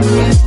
Yeah.